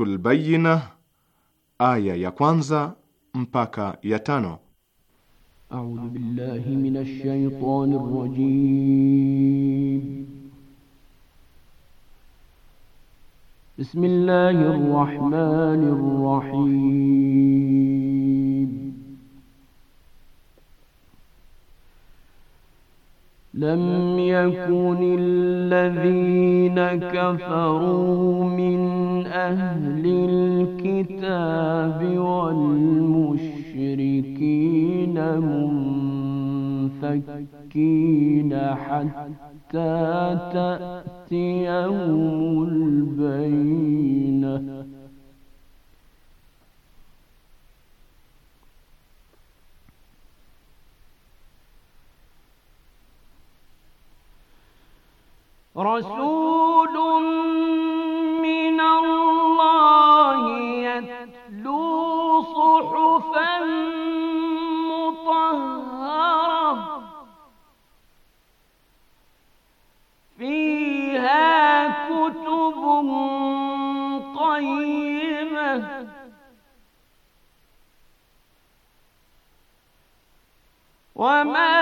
Suratul Bayyina aya ya kwanza mpaka ya tano. A'udhu billahi minash shaitanir rajim. Bismillahir rahmanir rahim. لم يكن الذين كفروا من أهل الكتاب والمشركين منفكين حتى تأتيهم البينة رسول مطهرة فيها كتب وما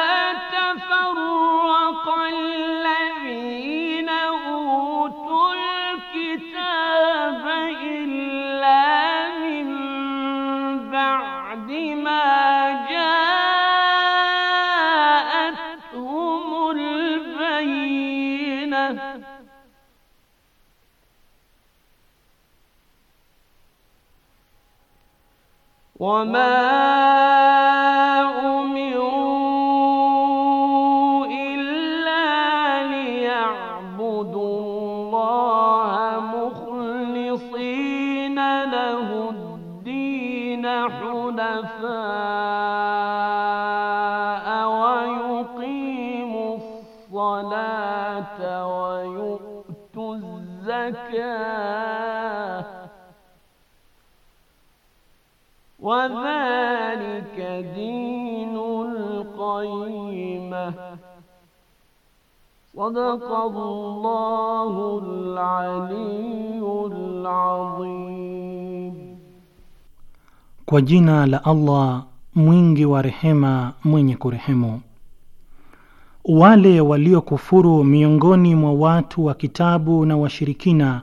تفرق الذين وما Kwa jina la Allah mwingi wa rehema mwenye kurehemu. Wale waliokufuru miongoni mwa watu wa kitabu na washirikina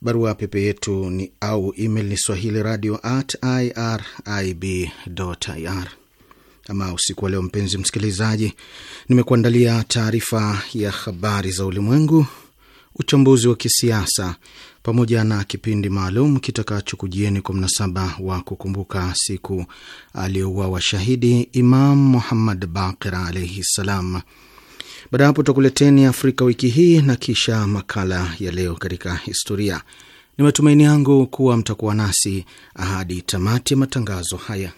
Barua pepe yetu ni au email ni swahili radio at irib Ama usiku wa leo, mpenzi msikilizaji, nimekuandalia taarifa ya habari za ulimwengu, uchambuzi wa kisiasa, pamoja na kipindi maalum kitakachokujieni kwa mnasaba wa kukumbuka siku aliyouawa shahidi Imam Muhammad Baqir alaihi ssalam. Baada ya hapo, tutakuleteni Afrika wiki hii na kisha makala ya leo katika historia. Ni matumaini yangu kuwa mtakuwa nasi hadi tamati ya matangazo haya.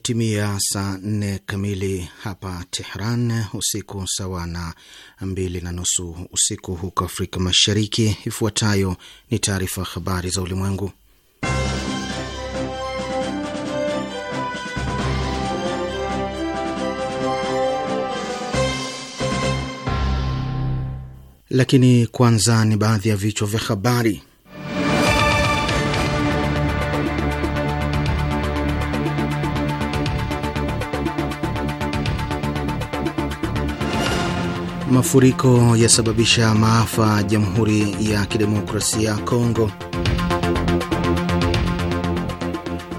Imetimia saa nne kamili hapa Tehran, usiku sawa na mbili na nusu usiku huko Afrika Mashariki. Ifuatayo ni taarifa habari za ulimwengu, lakini kwanza ni baadhi ya vichwa vya habari. Mafuriko yasababisha maafa Jamhuri ya Kidemokrasia ya Kongo.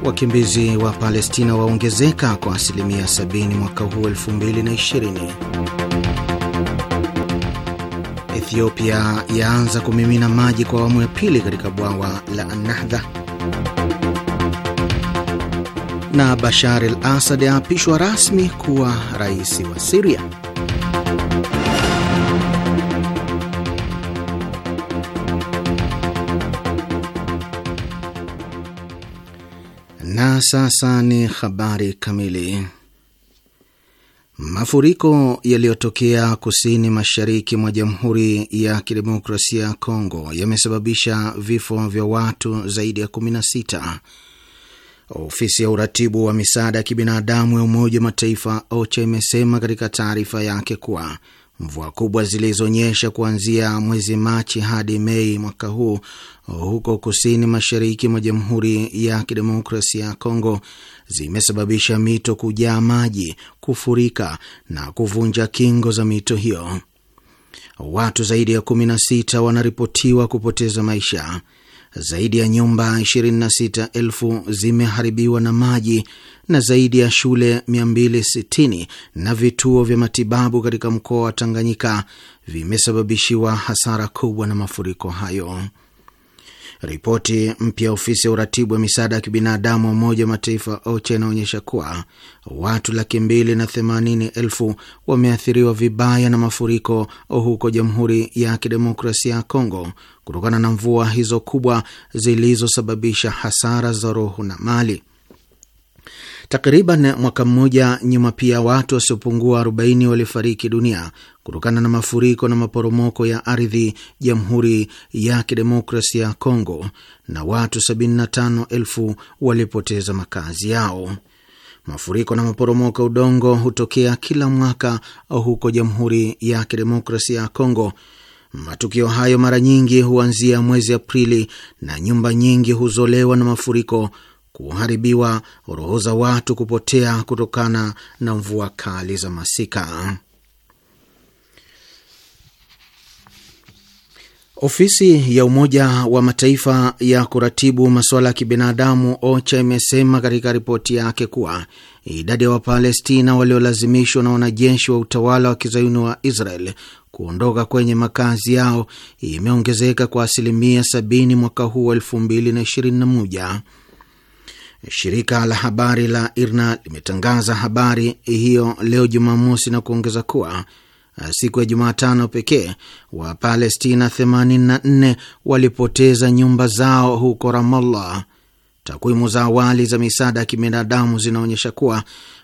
Wakimbizi wa Palestina waongezeka kwa asilimia 70 mwaka huu 2020. Ethiopia yaanza kumimina maji kwa awamu ya pili katika bwawa la Nahdha, na Bashar al-Assad aapishwa rasmi kuwa rais wa Siria. sasa ni habari kamili. Mafuriko yaliyotokea kusini mashariki mwa Jamhuri ya Kidemokrasia ya Kongo yamesababisha vifo vya watu zaidi ya 16. Ofisi ya uratibu wa misaada ya kibinadamu ya Umoja wa Mataifa OCHA imesema katika taarifa yake kuwa Mvua kubwa zilizonyesha kuanzia mwezi Machi hadi Mei mwaka huu huko kusini mashariki mwa Jamhuri ya Kidemokrasia ya Kongo zimesababisha mito kujaa maji, kufurika na kuvunja kingo za mito hiyo. Watu zaidi ya 16 wanaripotiwa kupoteza maisha zaidi ya nyumba 26,000 zimeharibiwa na maji na zaidi ya shule 260 na vituo vya matibabu katika mkoa wa Tanganyika vimesababishiwa hasara kubwa na mafuriko hayo. Ripoti mpya ya ofisi ya uratibu wa misaada ya kibinadamu wa Umoja wa Mataifa OCHA inaonyesha kuwa watu laki mbili na themanini elfu wameathiriwa vibaya na mafuriko huko Jamhuri ya Kidemokrasia ya Kongo kutokana na mvua hizo kubwa zilizosababisha hasara za roho na mali. Takriban mwaka mmoja nyuma pia watu wasiopungua 40 walifariki dunia kutokana na mafuriko na maporomoko ya ardhi Jamhuri ya, Kidemokrasia ya Kongo, na watu 75,000 walipoteza makazi yao. Mafuriko na maporomoko udongo hutokea kila mwaka huko Jamhuri ya Kidemokrasia ya Kongo. Matukio hayo mara nyingi huanzia mwezi Aprili na nyumba nyingi huzolewa na mafuriko kuharibiwa, roho za watu kupotea kutokana na mvua kali za masika. Ofisi ya Umoja wa Mataifa ya kuratibu masuala ya kibinadamu OCHA imesema katika ripoti yake kuwa idadi ya Wapalestina waliolazimishwa na wanajeshi wa utawala wa kizayuni wa Israel kuondoka kwenye makazi yao imeongezeka kwa asilimia 70 mwaka huu wa 2021 Shirika la habari la IRNA limetangaza habari hiyo leo Jumamosi na kuongeza kuwa uh, siku ya Jumatano pekee Wapalestina 84 walipoteza nyumba zao huko Ramallah. Takwimu za awali za misaada ya kibinadamu zinaonyesha kuwa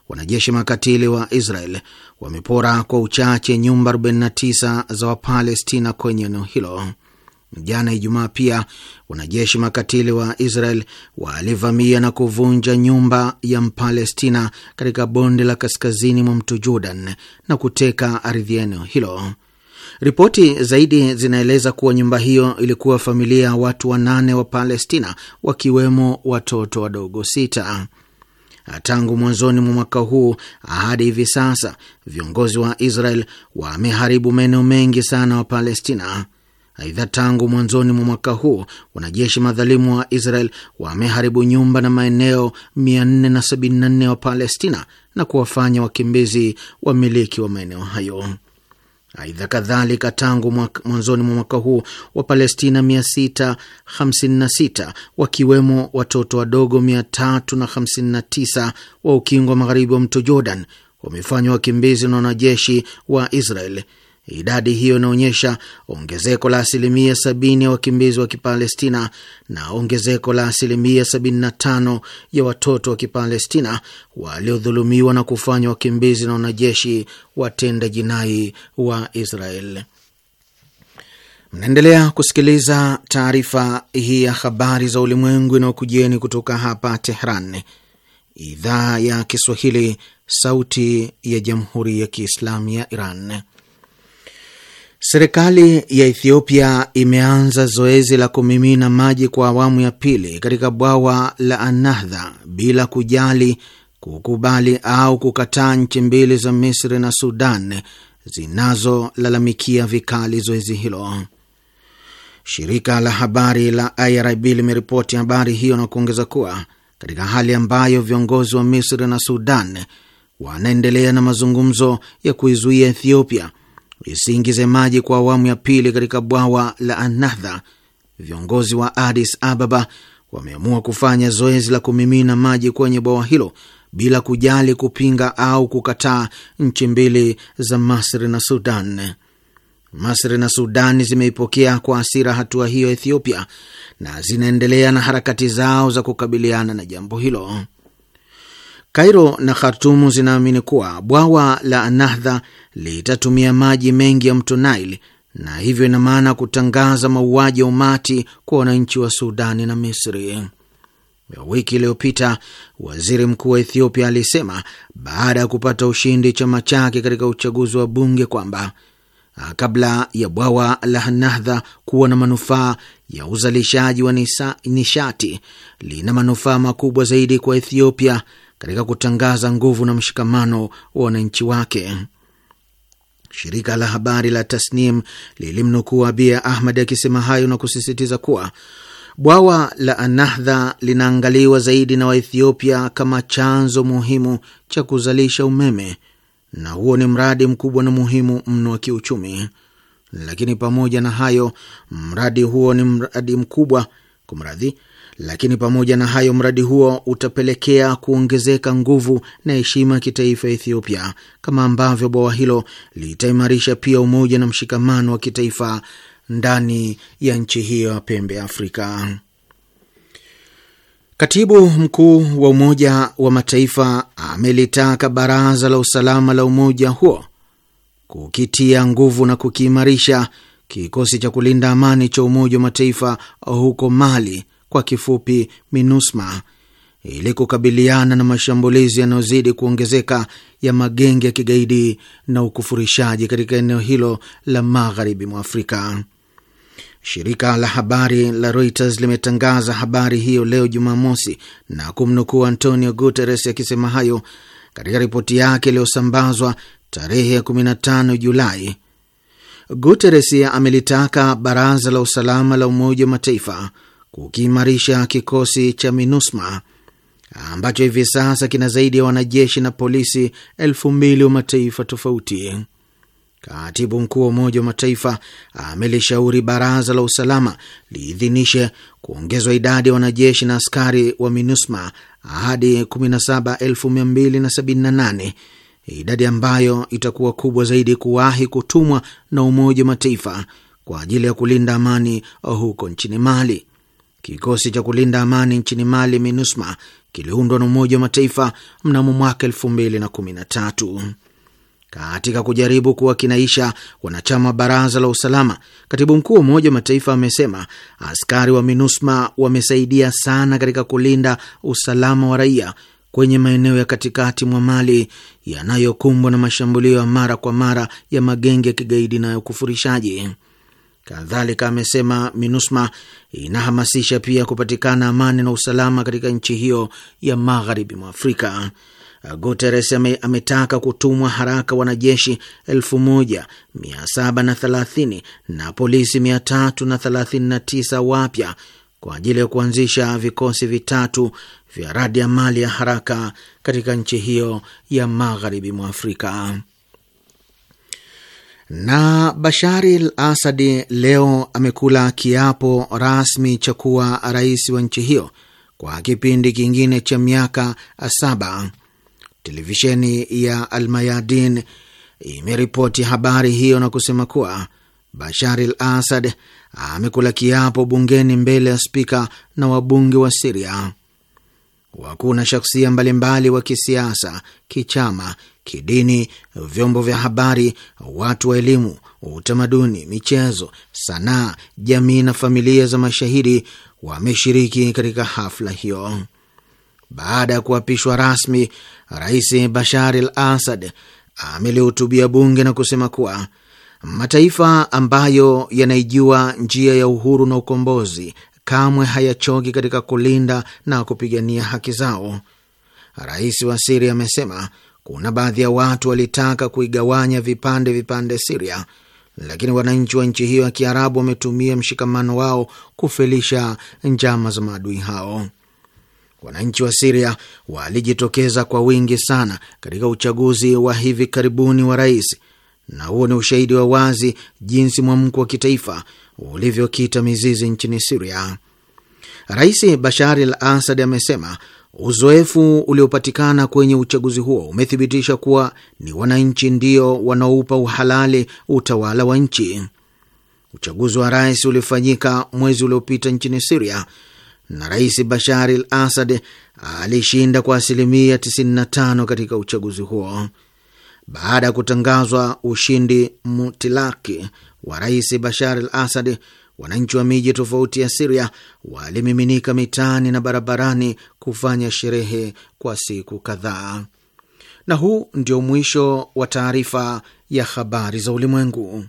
wanajeshi makatili wa Israel wamepora kwa uchache nyumba 49 za Wapalestina kwenye eneo hilo. Jana Ijumaa pia wanajeshi makatili wa Israel walivamia na kuvunja nyumba ya Mpalestina katika bonde la kaskazini mwa mto Jordan na kuteka ardhi ya eneo hilo. Ripoti zaidi zinaeleza kuwa nyumba hiyo ilikuwa familia ya watu wanane wa Palestina, wakiwemo watoto wadogo sita. Tangu mwanzoni mwa mwaka huu hadi hivi sasa, viongozi wa Israel wameharibu maeneo mengi sana wa Palestina. Aidha, tangu mwanzoni mwa mwaka huu wanajeshi madhalimu wa Israel wameharibu nyumba na maeneo 474 wa Palestina na kuwafanya wakimbizi wamiliki wa maeneo hayo. Aidha kadhalika, tangu mwanzoni mwa mwaka huu wa palestina 656 wakiwemo watoto wadogo 359 wa ukingo wa magharibi wa mto Jordan wamefanywa wakimbizi na wanajeshi wa Israel Idadi hiyo inaonyesha ongezeko la asilimia sabini ya wakimbizi wa Kipalestina na ongezeko la asilimia tano ya watoto wa Kipalestina waliodhulumiwa na kufanywa wakimbizi na wanajeshi watenda jinai wa Israel. Mnaendelea kusikiliza taarifa hii ya habari za ulimwengu inayokujieni kutoka hapa Tehran, idhaa ya Kiswahili, sauti ya jamhuri ya kiislamu ya Iran. Serikali ya Ethiopia imeanza zoezi la kumimina maji kwa awamu ya pili katika bwawa la Anahdha bila kujali kukubali au kukataa nchi mbili za Misri na Sudan zinazolalamikia vikali zoezi hilo. Shirika la habari la IRIB limeripoti habari hiyo na kuongeza kuwa katika hali ambayo viongozi wa Misri na Sudan wanaendelea na mazungumzo ya kuizuia Ethiopia isiingize maji kwa awamu ya pili katika bwawa la Anadha, viongozi wa Addis Ababa wameamua kufanya zoezi la kumimina maji kwenye bwawa hilo bila kujali kupinga au kukataa nchi mbili za Masri na Sudan. Masri na Sudani zimeipokea kwa hasira hatua hiyo Ethiopia na zinaendelea na harakati zao za kukabiliana na jambo hilo. Kairo na Khartumu zinaamini kuwa bwawa la Nahdha litatumia maji mengi ya mto Nile na hivyo ina maana kutangaza mauaji ya umati kwa wananchi wa Sudani na Misri. Wiki iliyopita waziri mkuu wa Ethiopia alisema baada ya kupata ushindi chama chake katika uchaguzi wa bunge kwamba ah, kabla ya bwawa la Nahdha kuwa na manufaa ya uzalishaji wa nisa, nishati lina manufaa makubwa zaidi kwa Ethiopia katika kutangaza nguvu na mshikamano wa wananchi wake. Shirika la habari la Tasnim lilimnukuu Abia ahmad akisema hayo na kusisitiza kuwa bwawa la Anahdha linaangaliwa zaidi na Waethiopia kama chanzo muhimu cha kuzalisha umeme, na huo ni mradi mkubwa na muhimu mno wa kiuchumi. Lakini pamoja na hayo, mradi huo ni mradi mkubwa kumradhi, lakini pamoja na hayo, mradi huo utapelekea kuongezeka nguvu na heshima ya kitaifa ya Ethiopia, kama ambavyo bwawa hilo litaimarisha pia umoja na mshikamano wa kitaifa ndani ya nchi hiyo ya pembe ya Afrika. Katibu mkuu wa Umoja wa Mataifa amelitaka Baraza la Usalama la umoja huo kukitia nguvu na kukiimarisha kikosi cha kulinda amani cha Umoja wa Mataifa huko Mali kwa kifupi MINUSMA ili kukabiliana na mashambulizi yanayozidi kuongezeka ya magenge ya kigaidi na ukufurishaji katika eneo hilo la magharibi mwa Afrika. Shirika la habari la Reuters limetangaza habari hiyo leo Jumamosi na kumnukuu Antonio Guterres akisema hayo katika ripoti yake iliyosambazwa tarehe ya 15 Julai. Guterres amelitaka Baraza la Usalama la Umoja wa Mataifa kukiimarisha kikosi cha MINUSMA ambacho hivi sasa kina zaidi ya wanajeshi na polisi elfu mbili wa mataifa tofauti. Katibu mkuu wa Umoja wa Mataifa amelishauri Baraza la Usalama liidhinishe kuongezwa idadi ya wanajeshi na askari wa MINUSMA hadi 17278 idadi ambayo itakuwa kubwa zaidi kuwahi kutumwa na Umoja wa Mataifa kwa ajili ya kulinda amani huko nchini Mali. Kikosi cha kulinda amani nchini Mali, MINUSMA, kiliundwa na Umoja wa Mataifa mnamo mwaka elfu mbili na kumi na tatu katika kujaribu kuwa kinaisha wanachama baraza la usalama, katibu mkuu wa Umoja wa Mataifa amesema askari wa MINUSMA wamesaidia sana katika kulinda usalama wa raia kwenye maeneo ya katikati mwa Mali yanayokumbwa na mashambulio ya mara kwa mara ya magenge ya kigaidi na ya ukufurishaji. Kadhalika amesema MINUSMA inahamasisha pia kupatikana amani na usalama katika nchi hiyo ya magharibi mwa Afrika. Guteres ametaka kutumwa haraka wanajeshi 1730 na polisi 339 wapya kwa ajili ya kuanzisha vikosi vitatu vya radi ya mali ya haraka katika nchi hiyo ya magharibi mwa Afrika. Na Bashari al Asadi leo amekula kiapo rasmi cha kuwa rais wa nchi hiyo kwa kipindi kingine cha miaka saba. Televisheni ya Almayadin imeripoti habari hiyo na kusema kuwa Bashar al Asad amekula kiapo bungeni mbele ya spika na wabunge wa Siria wakuu na shaksia mbalimbali wa kisiasa, kichama, kidini, vyombo vya habari, watu wa elimu, utamaduni, michezo, sanaa, jamii na familia za mashahidi wameshiriki katika hafla hiyo. Baada ya kuapishwa rasmi, Rais Bashar al Assad amelihutubia bunge na kusema kuwa mataifa ambayo yanaijua njia ya uhuru na ukombozi kamwe hayachoki katika kulinda na kupigania haki zao. Rais wa Siria amesema kuna baadhi ya watu walitaka kuigawanya vipande vipande Siria, lakini wananchi wa nchi hiyo ya Kiarabu wametumia mshikamano wao kufelisha njama za maadui hao. Wananchi wa Siria walijitokeza kwa wingi sana katika uchaguzi wa hivi karibuni wa rais, na huo ni ushahidi wa wazi jinsi mwamko wa kitaifa ulivyokita mizizi nchini Siria. Rais Bashar al Asad amesema uzoefu uliopatikana kwenye uchaguzi huo umethibitisha kuwa ni wananchi ndio wanaoupa uhalali utawala wa nchi. Uchaguzi wa rais ulifanyika mwezi uliopita nchini Siria na Rais Bashar al Asad alishinda kwa asilimia 95 katika uchaguzi huo baada ya kutangazwa ushindi mutilaki wa rais Bashar al Asad, wananchi wa miji tofauti ya Siria walimiminika mitaani na barabarani kufanya sherehe kwa siku kadhaa. Na huu ndio mwisho wa taarifa ya habari za ulimwengu.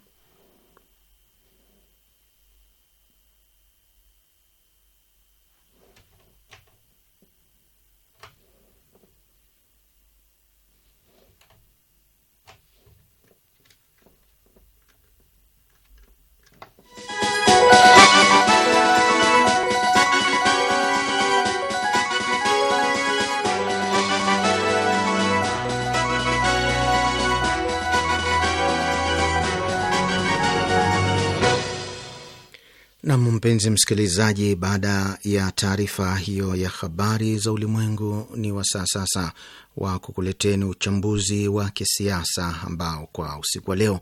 Mpenzi msikilizaji, baada ya taarifa hiyo ya habari za ulimwengu, ni wasaa sasa wa kukuleteni uchambuzi wa kisiasa ambao kwa usiku wa leo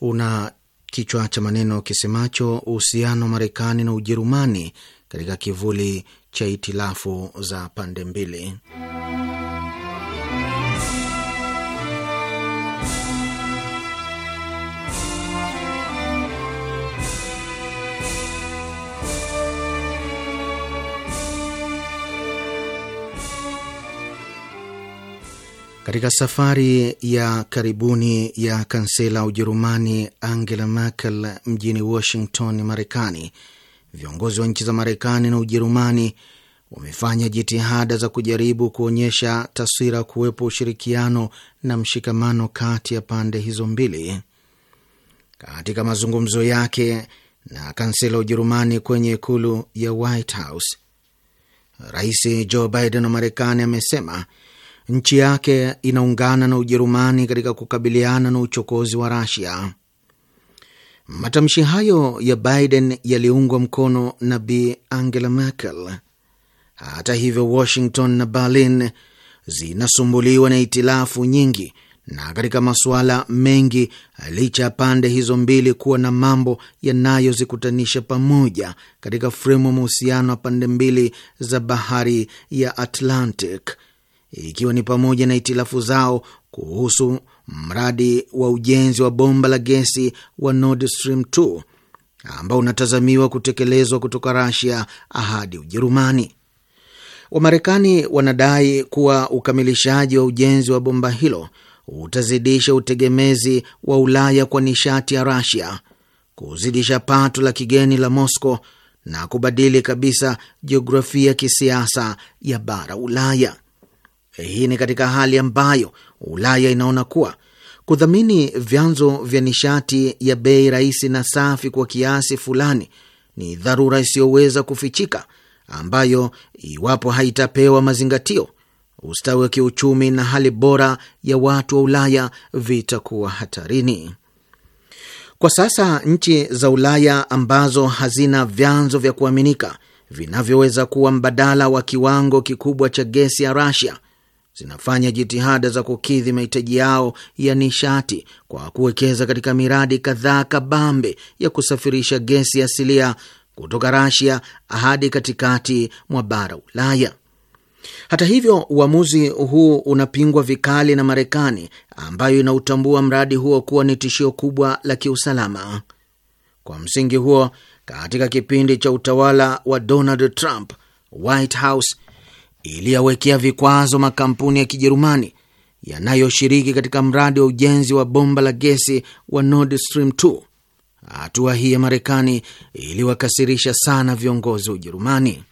una kichwa cha maneno kisemacho uhusiano wa Marekani na Ujerumani katika kivuli cha itilafu za pande mbili. Katika safari ya karibuni ya kansela Ujerumani Angela Merkel mjini Washington, Marekani, viongozi wa nchi za Marekani na Ujerumani wamefanya jitihada za kujaribu kuonyesha taswira kuwepo ushirikiano na mshikamano kati ya pande hizo mbili. Katika mazungumzo yake na kansela Ujerumani kwenye ikulu ya White House, Rais Joe Biden wa Marekani amesema nchi yake inaungana na Ujerumani katika kukabiliana na uchokozi wa Rasia. Matamshi hayo ya Biden yaliungwa mkono na Bi Angela Merkel. Hata hivyo, Washington na Berlin zinasumbuliwa na itilafu nyingi na katika masuala mengi, licha ya pande hizo mbili kuwa na mambo yanayozikutanisha pamoja katika fremu ya mahusiano ya pande mbili za bahari ya Atlantic ikiwa ni pamoja na itilafu zao kuhusu mradi wa ujenzi wa bomba la gesi wa Nord Stream 2 ambao unatazamiwa kutekelezwa kutoka Rasia hadi Ujerumani. Wamarekani wanadai kuwa ukamilishaji wa ujenzi wa bomba hilo utazidisha utegemezi wa Ulaya kwa nishati ya Rasia, kuzidisha pato la kigeni la Moscow na kubadili kabisa jiografia ya kisiasa ya bara Ulaya. Hii ni katika hali ambayo Ulaya inaona kuwa kudhamini vyanzo vya nishati ya bei rahisi na safi kwa kiasi fulani ni dharura isiyoweza kufichika, ambayo iwapo haitapewa mazingatio, ustawi wa kiuchumi na hali bora ya watu wa Ulaya vitakuwa hatarini. Kwa sasa nchi za Ulaya ambazo hazina vyanzo vya kuaminika vinavyoweza kuwa mbadala wa kiwango kikubwa cha gesi ya Russia zinafanya jitihada za kukidhi mahitaji yao ya nishati kwa kuwekeza katika miradi kadhaa kabambe ya kusafirisha gesi asilia kutoka Rasia hadi katikati mwa bara Ulaya. Hata hivyo, uamuzi huu unapingwa vikali na Marekani ambayo inautambua mradi huo kuwa ni tishio kubwa la kiusalama. Kwa msingi huo, katika kipindi cha utawala wa Donald Trump, White House iliyawekea vikwazo makampuni ya Kijerumani yanayoshiriki katika mradi wa ujenzi wa bomba la gesi wa Nord Stream 2. Hatua hii ya Marekani iliwakasirisha sana viongozi wa Ujerumani.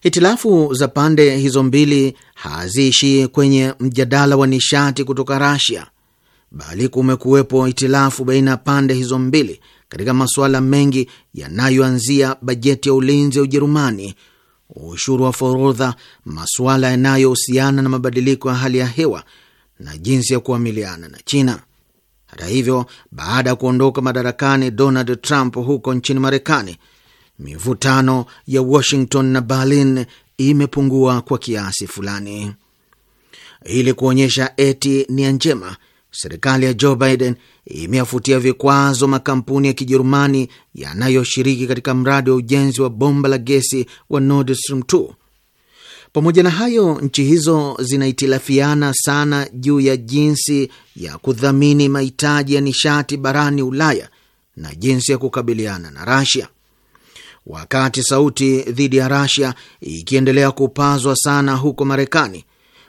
Hitilafu za pande hizo mbili haziishii kwenye mjadala wa nishati kutoka Rasia, bali kumekuwepo hitilafu baina ya pande hizo mbili katika masuala mengi yanayoanzia bajeti ya ulinzi ya Ujerumani ushuru wa forodha, masuala yanayohusiana na mabadiliko ya hali ya hewa na jinsi ya kuamiliana na China. Hata hivyo, baada ya kuondoka madarakani Donald Trump huko nchini Marekani, mivutano ya Washington na Berlin imepungua kwa kiasi fulani. Ili kuonyesha eti nia njema, serikali ya Joe Biden imeafutia vikwazo makampuni ya Kijerumani yanayoshiriki katika mradi wa ujenzi wa bomba la gesi wa Nord Stream 2. Pamoja na hayo, nchi hizo zinahitilafiana sana juu ya jinsi ya kudhamini mahitaji ya nishati barani Ulaya na jinsi ya kukabiliana na Rasia. Wakati sauti dhidi ya Rasia ikiendelea kupazwa sana huko Marekani,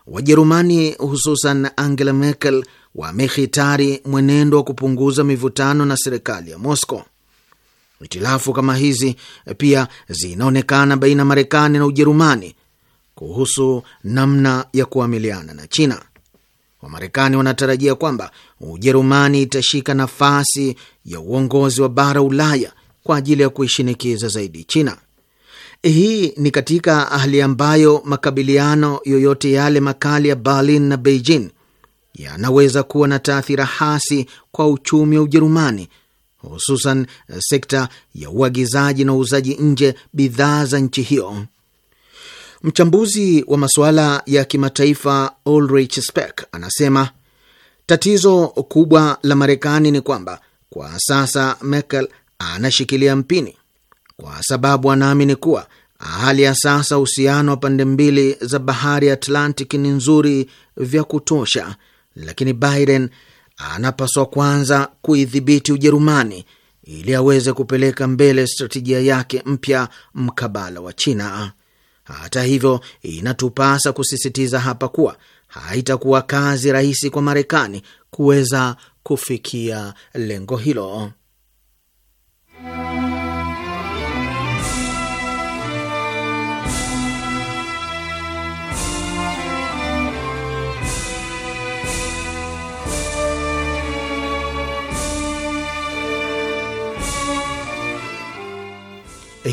Wajerumani hususan Angela Merkel wamehitari mwenendo wa kupunguza mivutano na serikali ya Moscow. Hitilafu kama hizi pia zinaonekana baina ya Marekani na Ujerumani kuhusu namna ya kuamiliana na China. Wamarekani wanatarajia kwamba Ujerumani itashika nafasi ya uongozi wa bara Ulaya kwa ajili ya kuishinikiza zaidi China. Hii ni katika hali ambayo makabiliano yoyote yale makali ya Berlin na Beijing yanaweza kuwa na taathira hasi kwa uchumi wa Ujerumani, hususan sekta ya uagizaji na uuzaji nje bidhaa za nchi hiyo. Mchambuzi wa masuala ya kimataifa Ulrich Speck anasema tatizo kubwa la Marekani ni kwamba kwa sasa Merkel anashikilia mpini, kwa sababu anaamini kuwa hali ya sasa uhusiano wa pande mbili za bahari ya Atlantic ni nzuri vya kutosha lakini Biden anapaswa kwanza kuidhibiti Ujerumani ili aweze kupeleka mbele stratejia yake mpya mkabala wa China. Hata hivyo, inatupasa kusisitiza hapa kuwa haitakuwa kazi rahisi kwa Marekani kuweza kufikia lengo hilo.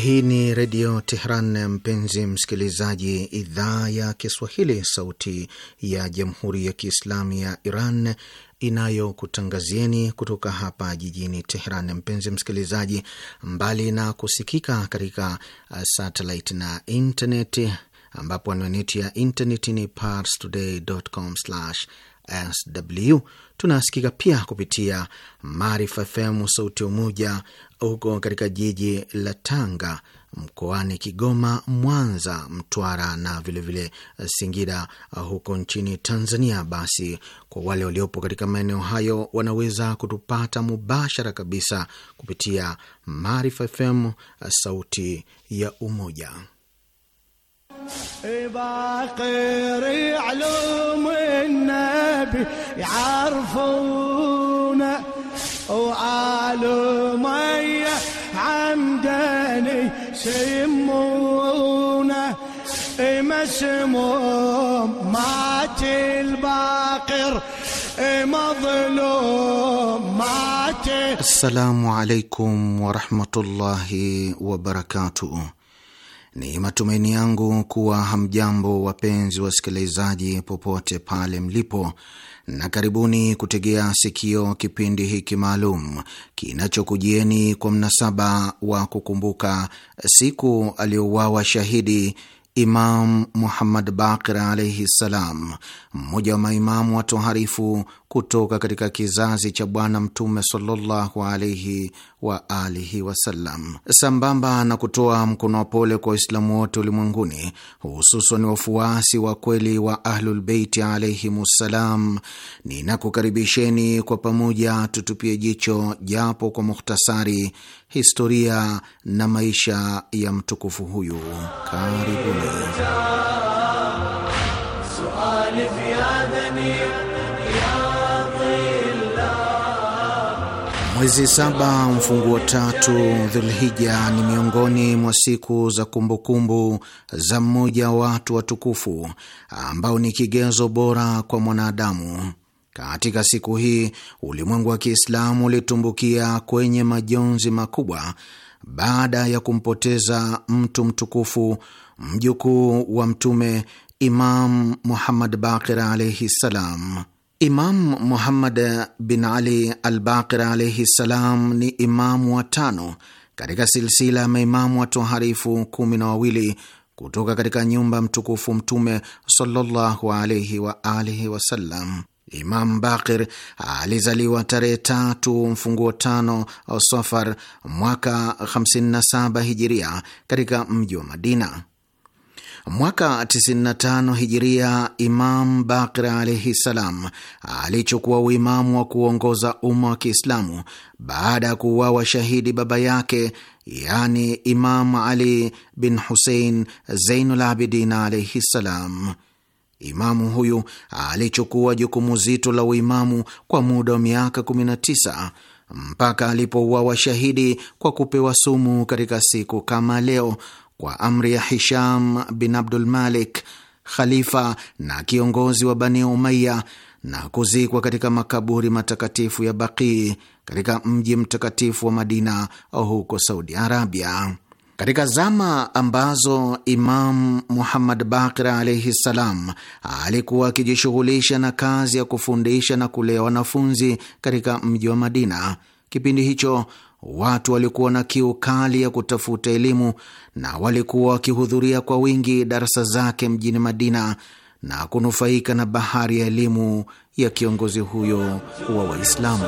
Hii ni Redio Tehran, mpenzi msikilizaji, idhaa ya Kiswahili, sauti ya Jamhuri ya Kiislamu ya Iran inayokutangazieni kutoka hapa jijini Tehran. Mpenzi msikilizaji, mbali na kusikika katika uh, satellite na internet, ambapo anwani ya internet ni parstoday.com/sw, tunasikika pia kupitia Maarifa FM, sauti ya Umoja huko katika jiji la Tanga mkoani Kigoma, Mwanza, Mtwara na vilevile vile Singida huko nchini Tanzania. Basi kwa wale waliopo katika maeneo hayo wanaweza kutupata mubashara kabisa kupitia Maarifa FM, sauti ya Umoja. يسمونه مسموم مات الباقر مظلوم مات السلام عليكم ورحمة الله وبركاته Ni matumaini yangu kuwa hamjambo, wapenzi wasikilizaji, popote pale mlipo, na karibuni kutegea sikio kipindi hiki maalum kinachokujieni kwa mnasaba wa kukumbuka siku aliyouawa shahidi Imam Muhammad Baqir alaihi ssalam, mmoja wa maimamu watoharifu kutoka katika kizazi cha Bwana Mtume sallallahu alaihi wa alihi wasallam, sambamba na kutoa mkono wa pole kwa Waislamu wote ulimwenguni, hususan wafuasi wa kweli wa Ahlulbeiti alaihim ni Ninakukaribisheni kwa pamoja tutupie jicho japo kwa mukhtasari historia na maisha ya mtukufu huyu. Karibuni. Mwezi saba wa tatu Dhulhija ni miongoni mwa siku za kumbukumbu za mmoja wa watu watukufu ambao ni kigezo bora kwa mwanadamu. Katika siku hii ulimwengu wa Kiislamu ulitumbukia kwenye majonzi makubwa baada ya kumpoteza mtu mtukufu, mjukuu wa Mtume Imam Muhammad Bakir alaihi ssalam. Imam Muhammad bin Ali al Baqir alaihi ssalam ni imamu wa tano katika silsila ya maimamu watoharifu kumi na wawili kutoka katika nyumba mtukufu Mtume sallallahu alaihi wa alihi wasallam. Imam Bakir alizaliwa tarehe tatu mfunguo tano Safar mwaka 57 hijiria katika mji wa Madina. Mwaka 95 hijiria, Imam Bakir alaihi ssalam alichukua uimamu wa kuongoza umma wa Kiislamu baada ya kuuawa shahidi baba yake, yani Imam Ali bin Husein Zeinul Abidin alaihi ssalam. Imamu huyu alichukua jukumu zito la uimamu kwa muda wa miaka 19 mpaka alipouawa shahidi kwa kupewa sumu katika siku kama leo kwa amri ya Hisham bin Abdul Malik, khalifa na kiongozi wa Bani Umaya, na kuzikwa katika makaburi matakatifu ya Baqii katika mji mtakatifu wa Madina huko Saudi Arabia. Katika zama ambazo Imam Muhammad Baqir alaihi ssalam alikuwa akijishughulisha na kazi ya kufundisha na kulea wanafunzi katika mji wa Madina, kipindi hicho watu walikuwa na kiu kali ya kutafuta elimu na walikuwa wakihudhuria kwa wingi darasa zake mjini Madina na kunufaika na bahari ya elimu ya kiongozi huyo wa Waislamu.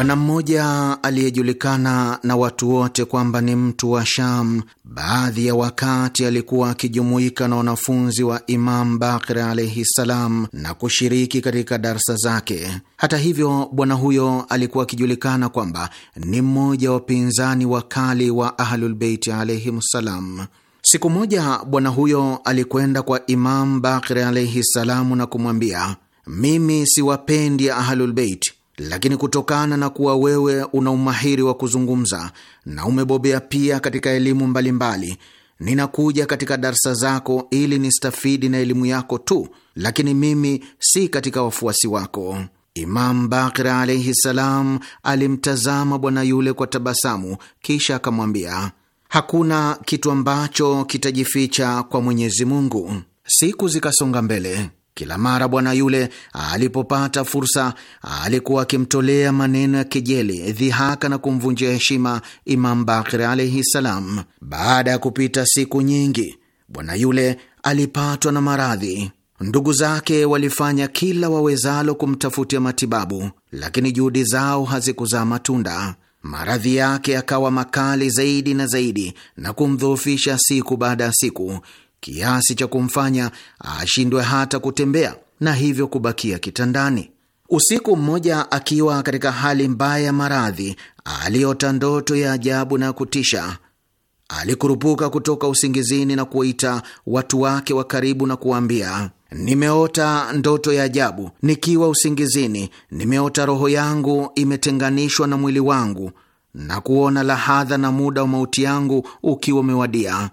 Bwana mmoja aliyejulikana na watu wote kwamba ni mtu wa Sham, baadhi ya wakati alikuwa akijumuika na wanafunzi wa Imam Bakir alaihi ssalam na kushiriki katika darsa zake. Hata hivyo, bwana huyo alikuwa akijulikana kwamba ni mmoja wa wapinzani wakali wa Ahlulbeiti alaihim ssalam. Siku moja bwana huyo alikwenda kwa Imam Bakir alaihi ssalamu na kumwambia, mimi siwapendi Ahlulbeiti lakini kutokana na kuwa wewe una umahiri wa kuzungumza na umebobea pia katika elimu mbalimbali, ninakuja katika darsa zako ili nistafidi na elimu yako tu, lakini mimi si katika wafuasi wako. Imam Bakir alaihi salam alimtazama bwana yule kwa tabasamu, kisha akamwambia, hakuna kitu ambacho kitajificha kwa Mwenyezi Mungu. Siku zikasonga mbele. Kila mara bwana yule alipopata fursa, alikuwa akimtolea maneno ya kejeli, dhihaka na kumvunjia heshima Imam Bakir alaihi salam. Baada ya kupita siku nyingi, bwana yule alipatwa na maradhi. Ndugu zake walifanya kila wawezalo kumtafutia matibabu, lakini juhudi zao hazikuzaa matunda. Maradhi yake yakawa makali zaidi na zaidi na kumdhoofisha siku baada ya siku, kiasi cha kumfanya ashindwe hata kutembea na hivyo kubakia kitandani. Usiku mmoja, akiwa katika hali mbaya ya maradhi, aliota ndoto ya ajabu na kutisha. Alikurupuka kutoka usingizini na kuwaita watu wake wa karibu na kuwaambia, nimeota ndoto ya ajabu. Nikiwa usingizini, nimeota roho yangu imetenganishwa na mwili wangu na kuona lahadha na muda wa mauti yangu ukiwa umewadia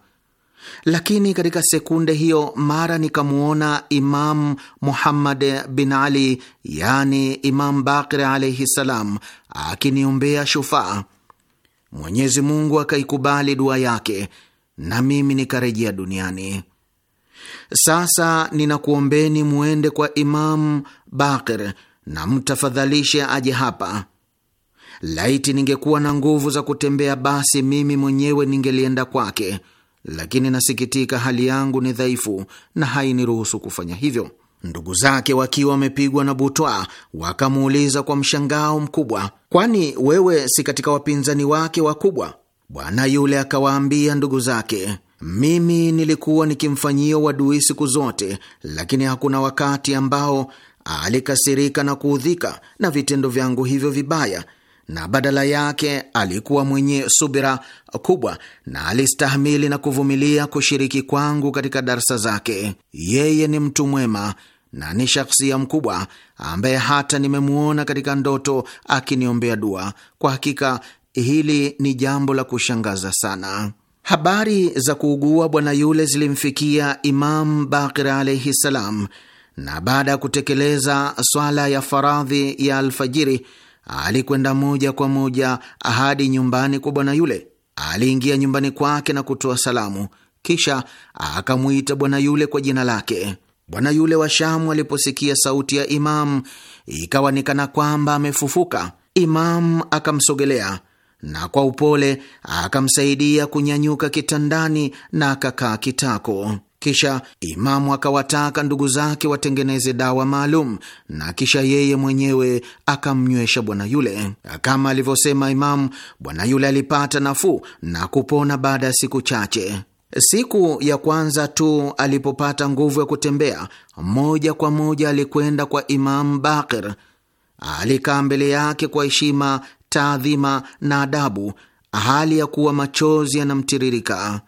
lakini katika sekunde hiyo mara nikamwona Imam Muhammad bin Ali, yani Imam Bakir alaihi salam, akiniombea shufaa. Mwenyezi Mungu akaikubali dua yake na mimi nikarejea duniani. Sasa ninakuombeni mwende kwa Imam Bakir na mtafadhalishe aje hapa. Laiti ningekuwa na nguvu za kutembea, basi mimi mwenyewe ningelienda kwake lakini nasikitika, hali yangu ni dhaifu na hainiruhusu kufanya hivyo. Ndugu zake wakiwa wamepigwa na butwa, wakamuuliza kwa mshangao mkubwa, kwani wewe si katika wapinzani wake wakubwa? Bwana yule akawaambia ndugu zake, mimi nilikuwa nikimfanyia wadui siku zote, lakini hakuna wakati ambao alikasirika na kuudhika na vitendo vyangu hivyo vibaya na badala yake alikuwa mwenye subira kubwa na alistahimili na kuvumilia kushiriki kwangu katika darsa zake. Yeye ni mtu mwema na ni shakhsia mkubwa ambaye hata nimemuona katika ndoto akiniombea dua. Kwa hakika hili ni jambo la kushangaza sana. Habari za kuugua bwana yule zilimfikia Imam Bakir alaihi ssalam, na baada ya kutekeleza swala ya faradhi ya alfajiri alikwenda moja kwa moja hadi nyumbani kwa bwana yule. Aliingia nyumbani kwake na kutoa salamu, kisha akamwita bwana yule kwa jina lake. Bwana yule wa Shamu aliposikia sauti ya Imamu ikawa ni kana kwamba amefufuka. Imamu akamsogelea na kwa upole akamsaidia kunyanyuka kitandani na akakaa kitako. Kisha imamu akawataka ndugu zake watengeneze dawa maalum na kisha yeye mwenyewe akamnywesha bwana yule. Kama alivyosema imamu, bwana yule alipata nafuu na kupona baada ya siku chache. Siku ya kwanza tu alipopata nguvu ya kutembea, moja kwa moja alikwenda kwa Imamu Bakir. Alikaa mbele yake kwa heshima, taadhima na adabu, hali ya kuwa machozi yanamtiririka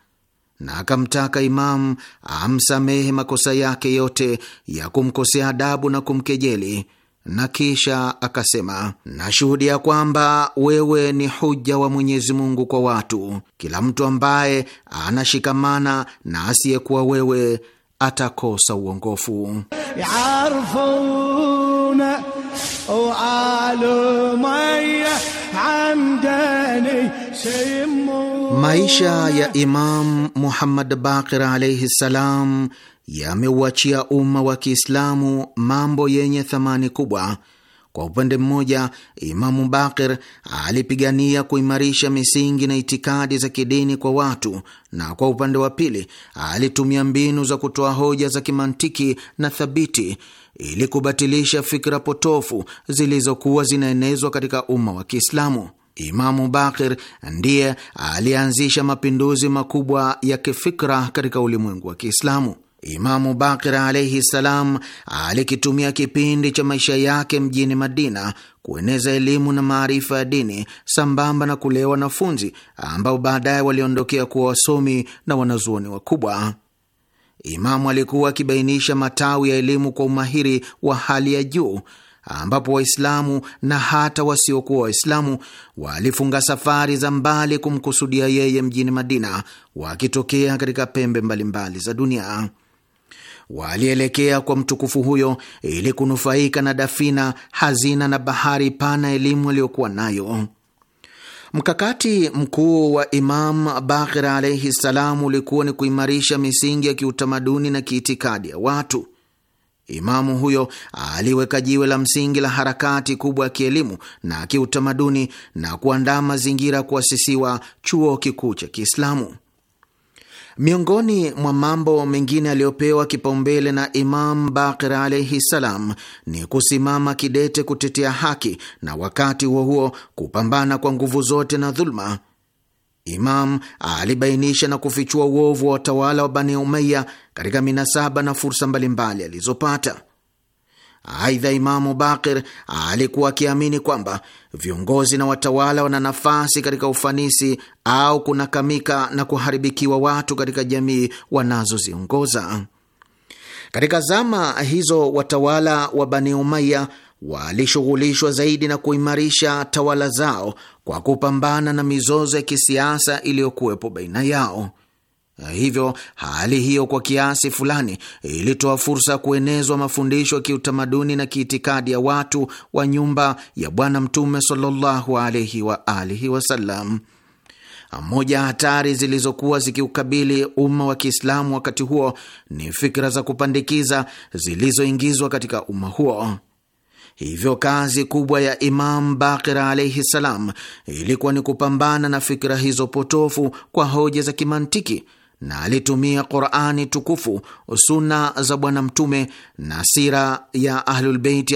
na akamtaka Imamu amsamehe makosa yake yote ya kumkosea adabu na kumkejeli, na kisha akasema, nashuhudia kwamba wewe ni huja wa Mwenyezi Mungu kwa watu. Kila mtu ambaye anashikamana na asiyekuwa wewe atakosa uongofu. Maisha oh. ya Imam Muhammad Baqir alaihi ssalam yameuachia umma wa Kiislamu mambo yenye thamani kubwa. Kwa upande mmoja, Imamu Baqir alipigania kuimarisha misingi na itikadi za kidini kwa watu, na kwa upande wa pili alitumia mbinu za kutoa hoja za kimantiki na thabiti ili kubatilisha fikra potofu zilizokuwa zinaenezwa katika umma wa Kiislamu. Imamu Bakir ndiye alianzisha mapinduzi makubwa ya kifikra katika ulimwengu wa Kiislamu. Imamu Bakir alaihi ssalam alikitumia kipindi cha maisha yake mjini Madina kueneza elimu na maarifa ya dini sambamba na kulea wanafunzi ambao baadaye waliondokea kuwa wasomi na wanazuoni wakubwa. Imamu alikuwa akibainisha matawi ya elimu kwa umahiri wa hali ya juu ambapo Waislamu na hata wasiokuwa Waislamu walifunga safari za mbali kumkusudia yeye mjini Madina, wakitokea katika pembe mbalimbali mbali za dunia. Walielekea kwa mtukufu huyo ili kunufaika na dafina, hazina na bahari pana elimu aliyokuwa nayo. Mkakati mkuu wa Imam Bakir alaihi ssalam ulikuwa ni kuimarisha misingi ya kiutamaduni na kiitikadi ya watu Imamu huyo aliweka jiwe la msingi la harakati kubwa ya kielimu na kiutamaduni na kuandaa mazingira ya kuasisiwa chuo kikuu cha Kiislamu. Miongoni mwa mambo mengine aliyopewa kipaumbele na Imam Bakir alaihi salam ni kusimama kidete kutetea haki na wakati huo huo kupambana kwa nguvu zote na dhuluma. Imam alibainisha na kufichua uovu wa watawala wa Bani umaya katika minasaba na fursa mbalimbali alizopata. Aidha, Imamu Bakir alikuwa akiamini kwamba viongozi na watawala wana nafasi katika ufanisi au kunakamika na kuharibikiwa watu katika jamii wanazoziongoza. Katika zama hizo watawala wa Bani Umaya walishughulishwa zaidi na kuimarisha tawala zao kwa kupambana na mizozo ya kisiasa iliyokuwepo baina yao. Hivyo hali hiyo kwa kiasi fulani ilitoa fursa ya kuenezwa mafundisho ya kiutamaduni na kiitikadi ya watu wa nyumba ya Bwana Mtume sallallahu alaihi wa alihi wasallam. Moja hatari zilizokuwa zikiukabili umma wa Kiislamu wakati huo ni fikra za kupandikiza zilizoingizwa katika umma huo. Hivyo kazi kubwa ya Imam Bakir alaihi salam ilikuwa ni kupambana na fikra hizo potofu kwa hoja za kimantiki na alitumia Qurani tukufu, suna za Bwana Mtume na sira ya Ahlulbeiti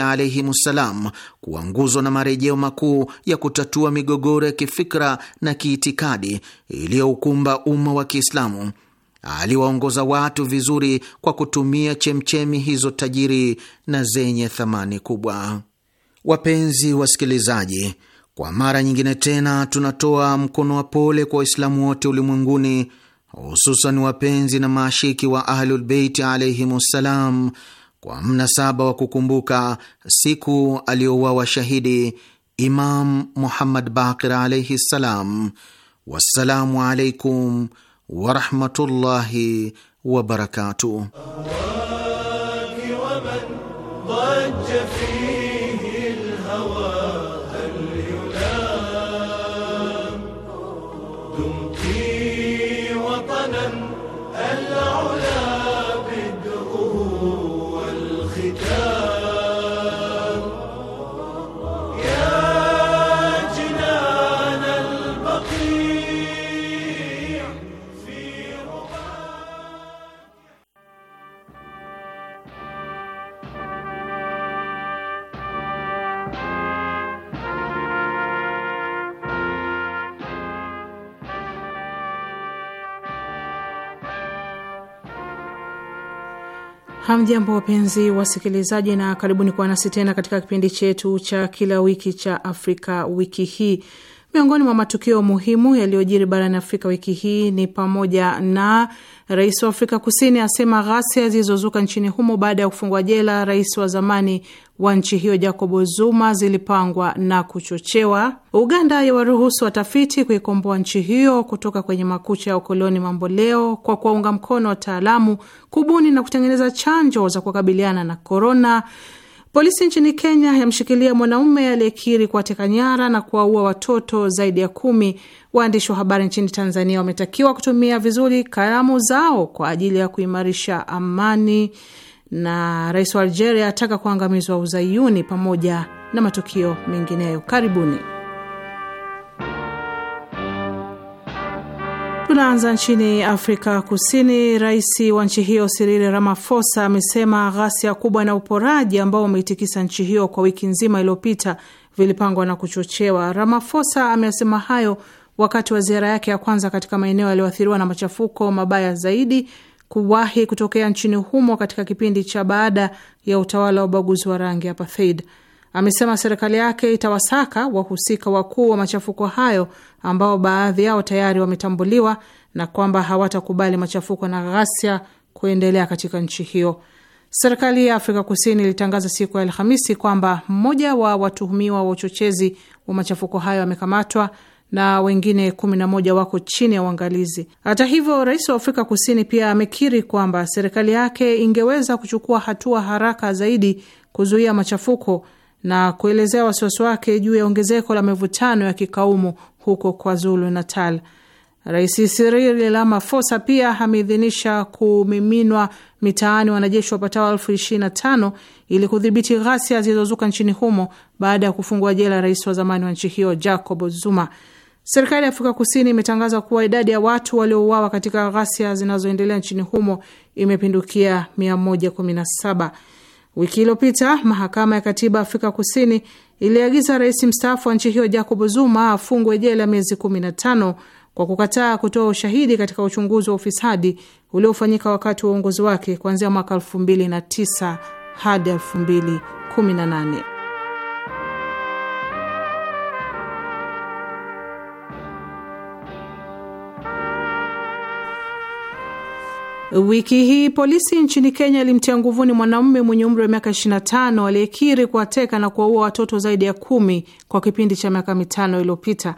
ssalam kuwa nguzo na marejeo makuu ya kutatua migogoro ya kifikra na kiitikadi iliyoukumba umma wa Kiislamu aliwaongoza watu vizuri kwa kutumia chemchemi hizo tajiri na zenye thamani kubwa. Wapenzi wasikilizaji, kwa mara nyingine tena tunatoa mkono wa pole kwa Waislamu wote ulimwenguni, hususan wapenzi na maashiki wa Ahlulbeiti alaihimussalam kwa mnasaba wa kukumbuka siku aliyouawa shahidi Imam Muhammad Baqir alaihi ssalam. Wassalamu alaikum ورحمة الله وبركاته Hamjambo, wapenzi wasikilizaji, na karibuni kwa nasi tena katika kipindi chetu cha kila wiki cha Afrika Wiki Hii. Miongoni mwa matukio muhimu yaliyojiri barani Afrika wiki hii ni pamoja na rais wa Afrika Kusini asema ghasia zilizozuka nchini humo baada ya kufungwa jela rais wa zamani wa nchi hiyo Jacob Zuma zilipangwa na kuchochewa. Uganda yawaruhusu watafiti kuikomboa nchi hiyo kutoka kwenye makucha ya ukoloni mamboleo kwa kuwaunga mkono wataalamu kubuni na kutengeneza chanjo za kukabiliana na korona. Polisi nchini Kenya yamshikilia mwanaume aliyekiri kuwateka nyara na kuwaua watoto zaidi ya kumi. Waandishi wa habari nchini Tanzania wametakiwa kutumia vizuri kalamu zao kwa ajili ya kuimarisha amani, na rais wa Algeria ataka kuangamizwa uzayuni, pamoja na matukio mengineyo. Karibuni. Tunaanza nchini Afrika Kusini. Rais wa nchi hiyo Cyril Ramaphosa amesema ghasia kubwa na uporaji ambao umeitikisa nchi hiyo kwa wiki nzima iliyopita vilipangwa na kuchochewa. Ramaphosa ameasema hayo wakati wa ziara yake ya kwanza katika maeneo yaliyoathiriwa na machafuko mabaya zaidi kuwahi kutokea nchini humo katika kipindi cha baada ya utawala wa ubaguzi wa rangi apartheid amesema serikali yake itawasaka wahusika wakuu wa machafuko hayo ambao baadhi yao tayari wametambuliwa na kwamba hawatakubali machafuko na ghasia kuendelea katika nchi hiyo. Serikali ya Afrika Kusini ilitangaza siku ya Alhamisi kwamba mmoja wa watuhumiwa wa uchochezi wa machafuko hayo amekamatwa na wengine kumi na moja wako chini ya uangalizi. Hata hivyo, rais wa Afrika Kusini pia amekiri kwamba serikali yake ingeweza kuchukua hatua haraka zaidi kuzuia machafuko na kuelezea wasiwasi wake juu ya ongezeko la mivutano ya kikaumu huko KwaZulu Natal. Rais Cyril Ramaphosa pia ameidhinisha kumiminwa mitaani wanajeshi wapatao elfu ishirini na tano ili kudhibiti ghasia zilizozuka nchini humo baada ya kufungua jela rais wa zamani wa nchi hiyo Jacob Zuma. Serikali ya Afrika Kusini imetangaza kuwa idadi ya watu waliouawa katika ghasia zinazoendelea nchini humo imepindukia 117. Wiki iliyopita mahakama ya katiba Afrika Kusini iliagiza rais mstaafu wa nchi hiyo Jacob Zuma afungwe jela miezi 15 kwa kukataa kutoa ushahidi katika uchunguzi wa ufisadi uliofanyika wakati wa uongozi wake kuanzia mwaka 2009 hadi 2018. Wiki hii polisi nchini Kenya ilimtia nguvuni mwanaume mwenye umri wa miaka 25 aliyekiri kuwateka na kuwaua watoto zaidi ya kumi kwa kipindi cha miaka mitano iliyopita.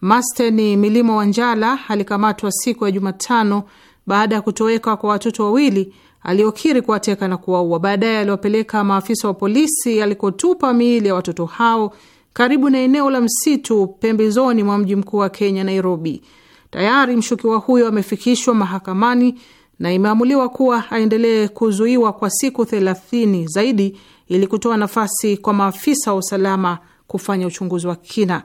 Masteni Milimo Wanjala alikamatwa siku ya Jumatano baada ya kutoweka kwa watoto wawili aliokiri kuwateka na kuwaua. Baadaye aliwapeleka maafisa wa polisi alikotupa miili ya watoto hao karibu na eneo la msitu pembezoni mwa mji mkuu wa Kenya, Nairobi. Tayari mshukiwa huyo amefikishwa mahakamani na imeamuliwa kuwa aendelee kuzuiwa kwa siku thelathini zaidi ili kutoa nafasi kwa maafisa wa usalama kufanya uchunguzi wa kina.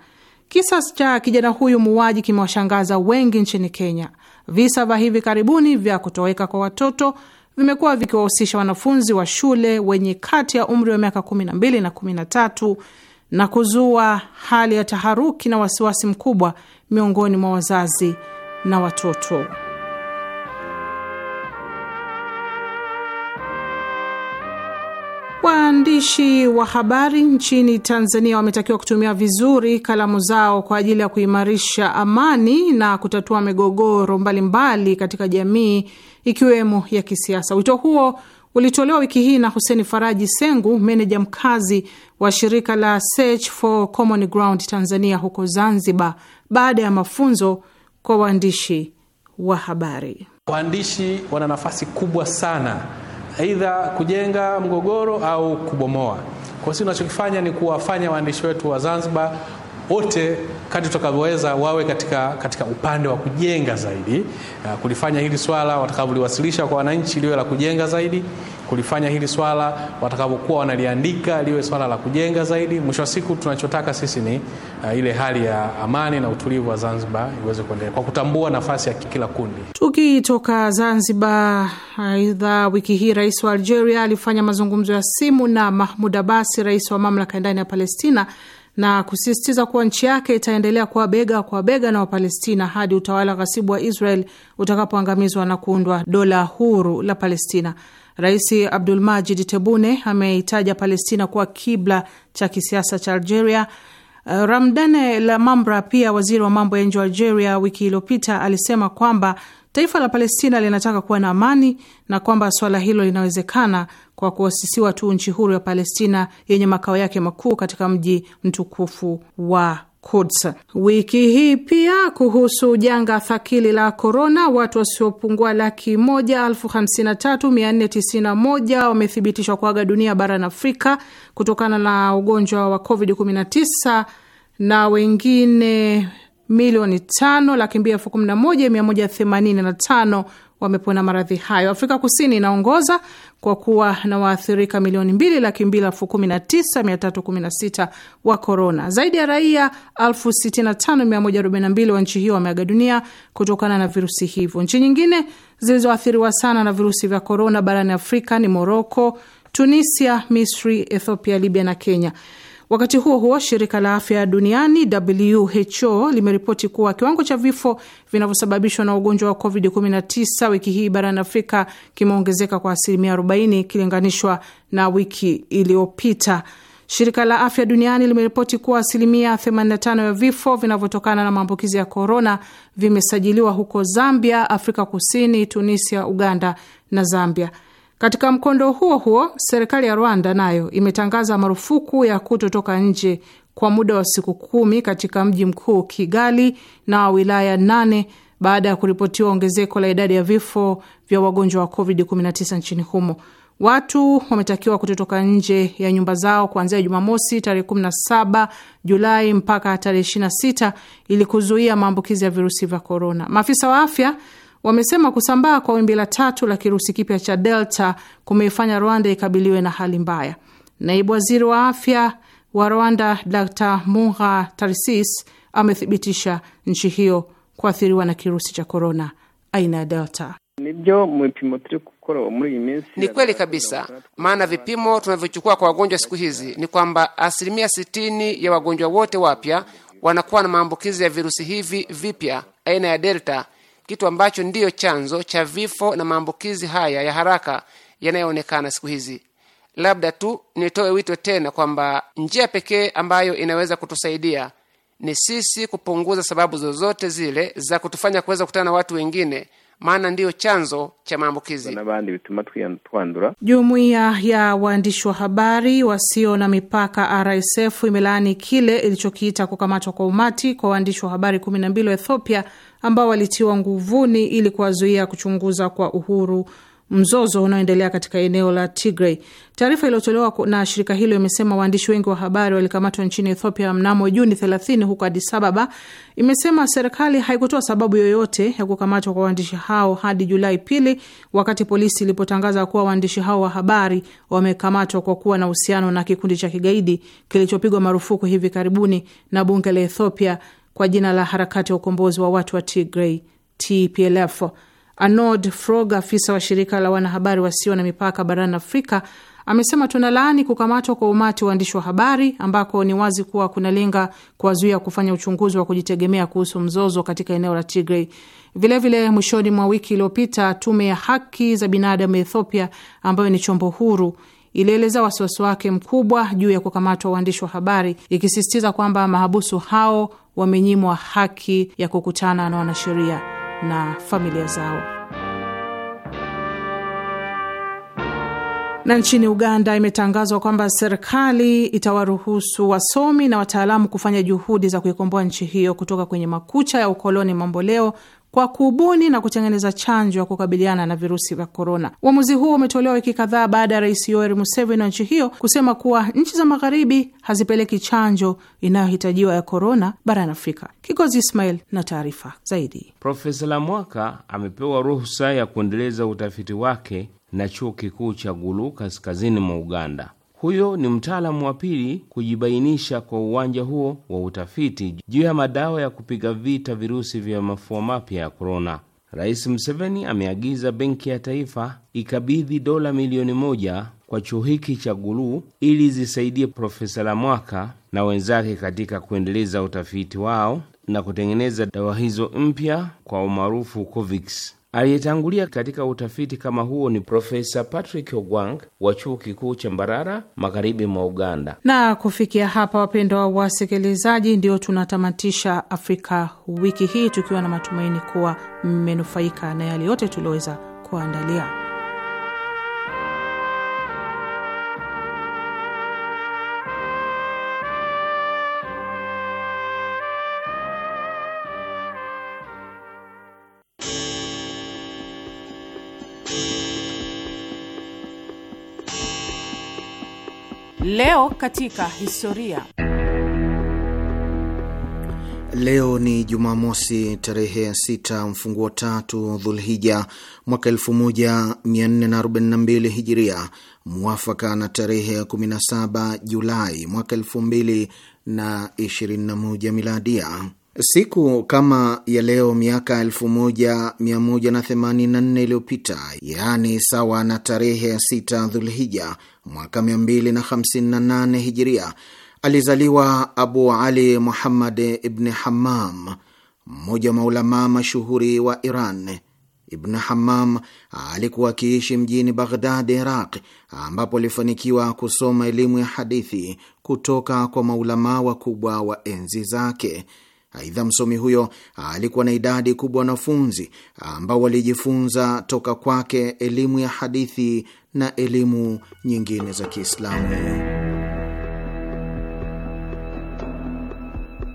Kisa cha kijana huyu muuaji kimewashangaza wengi nchini Kenya. Visa vya hivi karibuni vya kutoweka kwa watoto vimekuwa vikiwahusisha wanafunzi wa shule wenye kati ya umri wa miaka 12 na 13 na kuzua hali ya taharuki na wasiwasi mkubwa miongoni mwa wazazi na watoto. Waandishi wa habari nchini Tanzania wametakiwa kutumia vizuri kalamu zao kwa ajili ya kuimarisha amani na kutatua migogoro mbalimbali katika jamii ikiwemo ya kisiasa. Wito huo ulitolewa wiki hii na Huseni Faraji Sengu, meneja mkazi wa shirika la Search for Common Ground Tanzania huko Zanzibar, baada ya mafunzo kwa waandishi wa habari. Waandishi wana nafasi kubwa sana aidha kujenga mgogoro au kubomoa. Kwa hiyo tunachokifanya ni kuwafanya waandishi wetu wa Zanzibar wote kati tutakavyoweza wawe katika, katika upande wa kujenga zaidi, ah, kulifanya hili swala watakavyoliwasilisha kwa wananchi liwe la kujenga zaidi, kulifanya hili swala watakavyokuwa wanaliandika liwe swala la kujenga zaidi. Mwisho wa siku tunachotaka sisi ni uh, ile hali ya amani na utulivu wa Zanzibar iweze kuendelea kwa kutambua nafasi ya kila kundi. Tukitoka Zanzibar, aidha, wiki hii rais wa Algeria alifanya mazungumzo ya simu na Mahmud Abasi, rais wa mamlaka ndani ya Palestina na kusisitiza kuwa nchi yake itaendelea kuwa bega kwa bega na Wapalestina hadi utawala ghasibu wa Israel utakapoangamizwa na kuundwa dola huru la Palestina. Rais Abdulmajid Tebune ameitaja Palestina kuwa kibla cha kisiasa cha Algeria. Uh, Ramdane Lamamra, pia waziri wa mambo ya nje wa Algeria, wiki iliyopita alisema kwamba taifa la Palestina linataka kuwa na amani na kwamba suala hilo linawezekana kwa kuasisiwa tu nchi huru ya Palestina yenye makao yake makuu katika mji mtukufu wa Quds. Wiki hii pia kuhusu janga thakili la korona, watu wasiopungua laki moja elfu hamsini na tatu mia nne tisini na moja wamethibitishwa kuaga dunia barani Afrika kutokana na ugonjwa wa COVID-19 na wengine milioni tano laki mbili elfu kumi na moja mia moja themanini na tano wamepona maradhi hayo. Afrika Kusini inaongoza kwa kuwa na waathirika milioni mbili laki mbili elfu kumi na tisa mia tatu kumi na sita wa korona. Zaidi ya raia elfu sitini na tano mia moja arobaini na mbili wa nchi hiyo wameaga dunia kutokana na virusi hivyo. Nchi nyingine zilizoathiriwa sana na virusi vya korona barani Afrika ni Moroko, Tunisia, Misri, Ethiopia, Libya na Kenya. Wakati huo huo, shirika la afya duniani WHO limeripoti kuwa kiwango cha vifo vinavyosababishwa na ugonjwa wa COVID-19 wiki hii barani Afrika kimeongezeka kwa asilimia 40 ikilinganishwa na wiki iliyopita. Shirika la afya duniani limeripoti kuwa asilimia 85 ya vifo vinavyotokana na maambukizi ya korona vimesajiliwa huko Zambia, Afrika Kusini, Tunisia, Uganda na Zambia. Katika mkondo huo huo, serikali ya Rwanda nayo imetangaza marufuku ya kutotoka nje kwa muda wa siku kumi katika mji mkuu Kigali na wilaya nane baada ya kuripotiwa ongezeko la idadi ya vifo vya wagonjwa wa COVID-19 nchini humo. Watu wametakiwa kutotoka nje ya nyumba zao kuanzia Jumamosi tarehe 17 Julai mpaka tarehe 26 ili kuzuia maambukizi ya virusi vya korona. Maafisa wa afya wamesema kusambaa kwa wimbi la tatu la kirusi kipya cha Delta kumeifanya Rwanda ikabiliwe na hali mbaya. Naibu waziri wa afya wa Rwanda Dr Mugha Tarcis amethibitisha nchi hiyo kuathiriwa na kirusi cha korona aina ya Delta. Ni kweli kabisa, maana vipimo tunavyochukua kwa wagonjwa siku hizi ni kwamba asilimia 60 ya wagonjwa wote wapya wanakuwa na maambukizi ya virusi hivi vipya aina ya Delta kitu ambacho ndiyo chanzo cha vifo na maambukizi haya ya haraka yanayoonekana siku hizi. Labda tu nitoe wito tena kwamba njia pekee ambayo inaweza kutusaidia ni sisi kupunguza sababu zozote zile za kutufanya kuweza kukutana na watu wengine, maana ndiyo chanzo cha maambukizi. Jumuiya ya waandishi wa habari wasio na mipaka RSF imelaani kile ilichokiita kukamatwa kwa umati kwa waandishi wa habari kumi na mbili wa Ethiopia ambao walitiwa nguvuni ili kuwazuia kuchunguza kwa uhuru mzozo unaoendelea katika eneo la Tigray. Taarifa iliyotolewa na shirika hilo imesema waandishi wengi wa habari walikamatwa nchini Ethiopia mnamo Juni 30 huko Addis Ababa. Imesema serikali haikutoa sababu yoyote ya kukamatwa kwa waandishi hao hadi Julai pili, wakati polisi ilipotangaza kuwa waandishi hao wa habari wamekamatwa kwa kuwa na uhusiano na kikundi cha kigaidi kilichopigwa marufuku hivi karibuni na bunge la Ethiopia kwa jina la harakati ya ukombozi wa watu wa Tigray TPLF. Arnold Frog, afisa wa shirika la wanahabari wasio na mipaka barani Afrika, amesema tuna laani kukamatwa kwa umati waandishi wa habari ambako ni wazi kuwa kunalenga kuwazuia kufanya uchunguzi wa kujitegemea kuhusu mzozo katika eneo la Tigray. Vilevile, mwishoni mwa wiki iliyopita, tume ya haki za binadamu ya Ethiopia ambayo ni chombo huru ilieleza wasiwasi wake mkubwa juu ya kukamatwa waandishi wa habari, ikisisitiza kwamba mahabusu hao wamenyimwa haki ya kukutana na wanasheria na familia zao. na nchini Uganda imetangazwa kwamba serikali itawaruhusu wasomi na wataalamu kufanya juhudi za kuikomboa nchi hiyo kutoka kwenye makucha ya ukoloni mamboleo kwa kubuni na kutengeneza chanjo ya kukabiliana na virusi vya korona. Uamuzi huo umetolewa wiki kadhaa baada ya rais Yoweri Museveni wa nchi hiyo kusema kuwa nchi za magharibi hazipeleki chanjo inayohitajiwa ya korona barani Afrika. Kigozi Ismail na taarifa zaidi. Profesa Lamwaka amepewa ruhusa ya kuendeleza utafiti wake na chuo kikuu cha Gulu kaskazini mwa Uganda. Huyo ni mtaalamu wa pili kujibainisha kwa uwanja huo wa utafiti juu ya madawa ya kupiga vita virusi vya mafua mapya ya korona. Rais Museveni ameagiza Benki ya Taifa ikabidhi dola milioni moja kwa chuo hiki cha guluu ili zisaidie Profesa Lamwaka na wenzake katika kuendeleza utafiti wao na kutengeneza dawa hizo mpya kwa umaarufu Covix. Aliyetangulia katika utafiti kama huo ni Profesa Patrick Ogwang wa chuo kikuu cha Mbarara, magharibi mwa Uganda. Na kufikia hapa, wapendwa wasikilizaji, ndio tunatamatisha Afrika wiki hii, tukiwa na matumaini kuwa mmenufaika na yale yote tulioweza kuandalia. Leo katika historia. Leo ni Jumamosi tarehe 6 mfunguo tatu Dhulhija mwaka 1442 Hijiria, mwafaka na tarehe 17 Julai mwaka 2021 Miladia. Siku kama ya leo miaka 1184 iliyopita, yaani sawa na tarehe 6 Dhulhija mwaka 258 hijiria alizaliwa Abu Ali Muhammad Ibn Hammam, mmoja wa maulamaa mashuhuri wa Iran. Ibn Hammam alikuwa akiishi mjini Baghdad, Iraq, ambapo alifanikiwa kusoma elimu ya hadithi kutoka kwa maulamaa wakubwa wa enzi zake. Aidha, msomi huyo alikuwa na idadi kubwa wanafunzi ambao walijifunza toka kwake elimu ya hadithi na elimu nyingine za Kiislamu.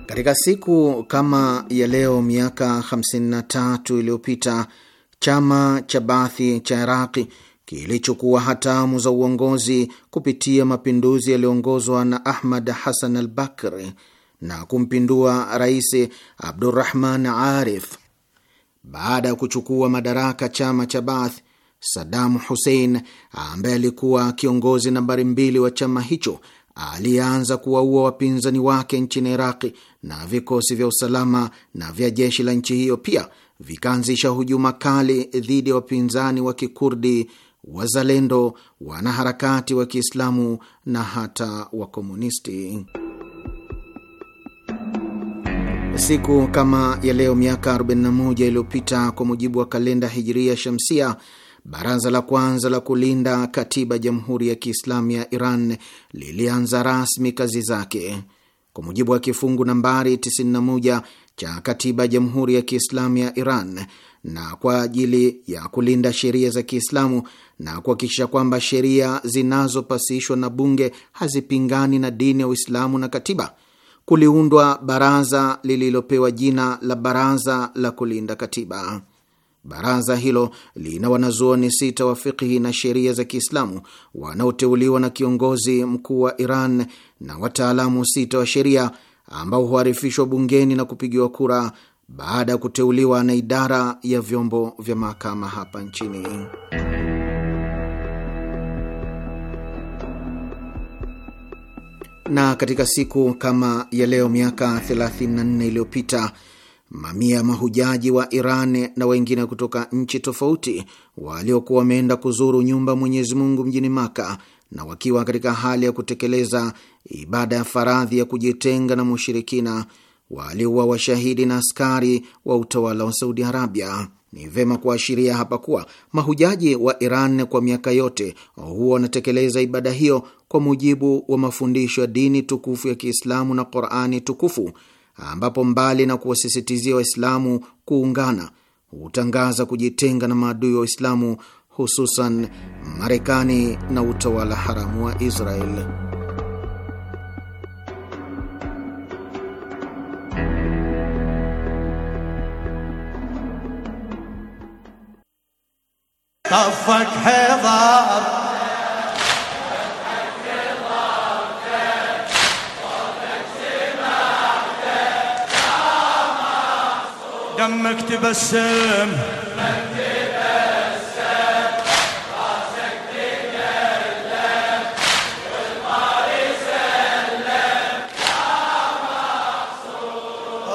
Katika siku kama ya leo miaka 53 iliyopita chama cha Baathi cha Iraqi kilichukua hatamu za uongozi kupitia mapinduzi yaliyoongozwa na Ahmad Hassan al Bakri na kumpindua Rais Abdurrahman Arif. Baada ya kuchukua madaraka, chama cha Baath Sadamu Hussein ambaye alikuwa kiongozi nambari mbili wa chama hicho alianza kuwaua wapinzani wake nchini Iraqi na vikosi vya usalama na vya jeshi la nchi hiyo pia vikaanzisha hujuma kali dhidi ya wapinzani wa Kikurdi, wazalendo, wanaharakati wa Kiislamu na hata wakomunisti. Siku kama ya leo miaka 41 iliyopita kwa mujibu wa kalenda Hijiria Shamsia Baraza la kwanza la kulinda katiba Jamhuri ya Kiislamu ya Iran lilianza rasmi kazi zake kwa mujibu wa kifungu nambari 91 cha katiba ya Jamhuri ya Kiislamu ya Iran na kwa ajili ya kulinda sheria za Kiislamu na kuhakikisha kwamba sheria zinazopasishwa na bunge hazipingani na dini ya Uislamu na katiba, kuliundwa baraza lililopewa jina la Baraza la Kulinda Katiba. Baraza hilo lina wanazuoni sita wa fikihi na sheria za Kiislamu wanaoteuliwa na kiongozi mkuu wa Iran na wataalamu sita wa sheria ambao huharifishwa bungeni na kupigiwa kura baada ya kuteuliwa na idara ya vyombo vya mahakama hapa nchini. Na katika siku kama ya leo miaka 34 iliyopita Mamia ya mahujaji wa Iran na wengine kutoka nchi tofauti waliokuwa wameenda kuzuru nyumba Mwenyezi Mungu mjini Maka na wakiwa katika hali ya kutekeleza ibada ya faradhi ya kujitenga na mushirikina waliuwa washahidi na askari wa utawala wa Saudi Arabia. Ni vema kuashiria hapa kuwa mahujaji wa Iran kwa miaka yote huwa wanatekeleza ibada hiyo kwa mujibu wa mafundisho ya dini tukufu ya Kiislamu na Qurani tukufu ambapo mbali na kuwasisitizia Waislamu kuungana hutangaza kujitenga na maadui wa Waislamu hususan Marekani na utawala haramu wa Israel. دمك تبسم دمك تبسم راسك تكلم والمال سلم يا مقصود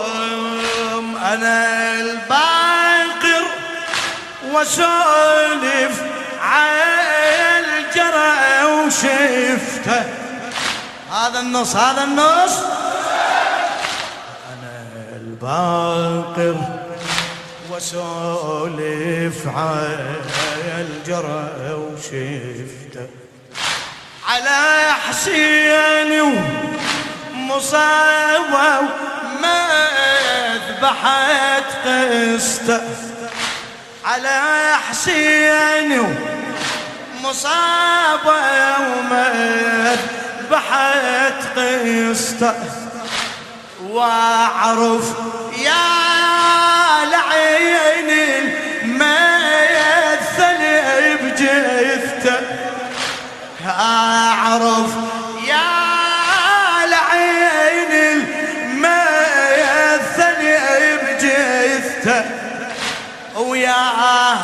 انا الباقر وسولف على الجرى وشفته هذا النص هذا النص باقر سولف على الجرى وشفته على حسيني ومصاوى ما ذبحت قسته على حسيني ومصاوى وما ذبحت قسته واعرف يا عيني ما يثني بجثته أعرف يا العين ما يثني بجثته وياه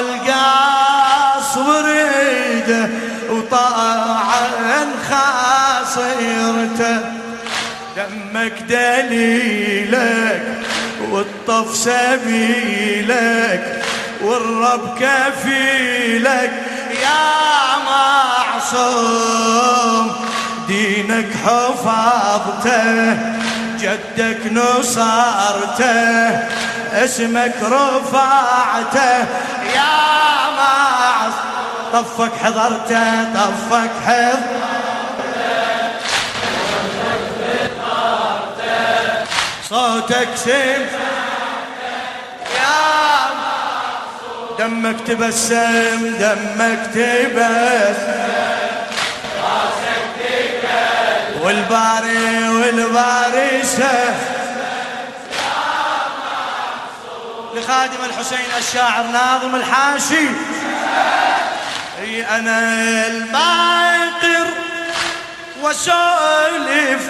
القاص وريده وطاعن خاصيرته دمك دليلك والطف سبيلك والرب كفيلك يا معصوم دينك حفظته جدك نصرته اسمك رفعته يا معصوم طفك حضرته طفك حضرته صوتك سيف يا دمك تبسم دمك تبسم والباري والباري سه لخادم الحسين الشاعر ناظم الحاشي اي انا الباقر وسولف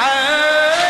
عيني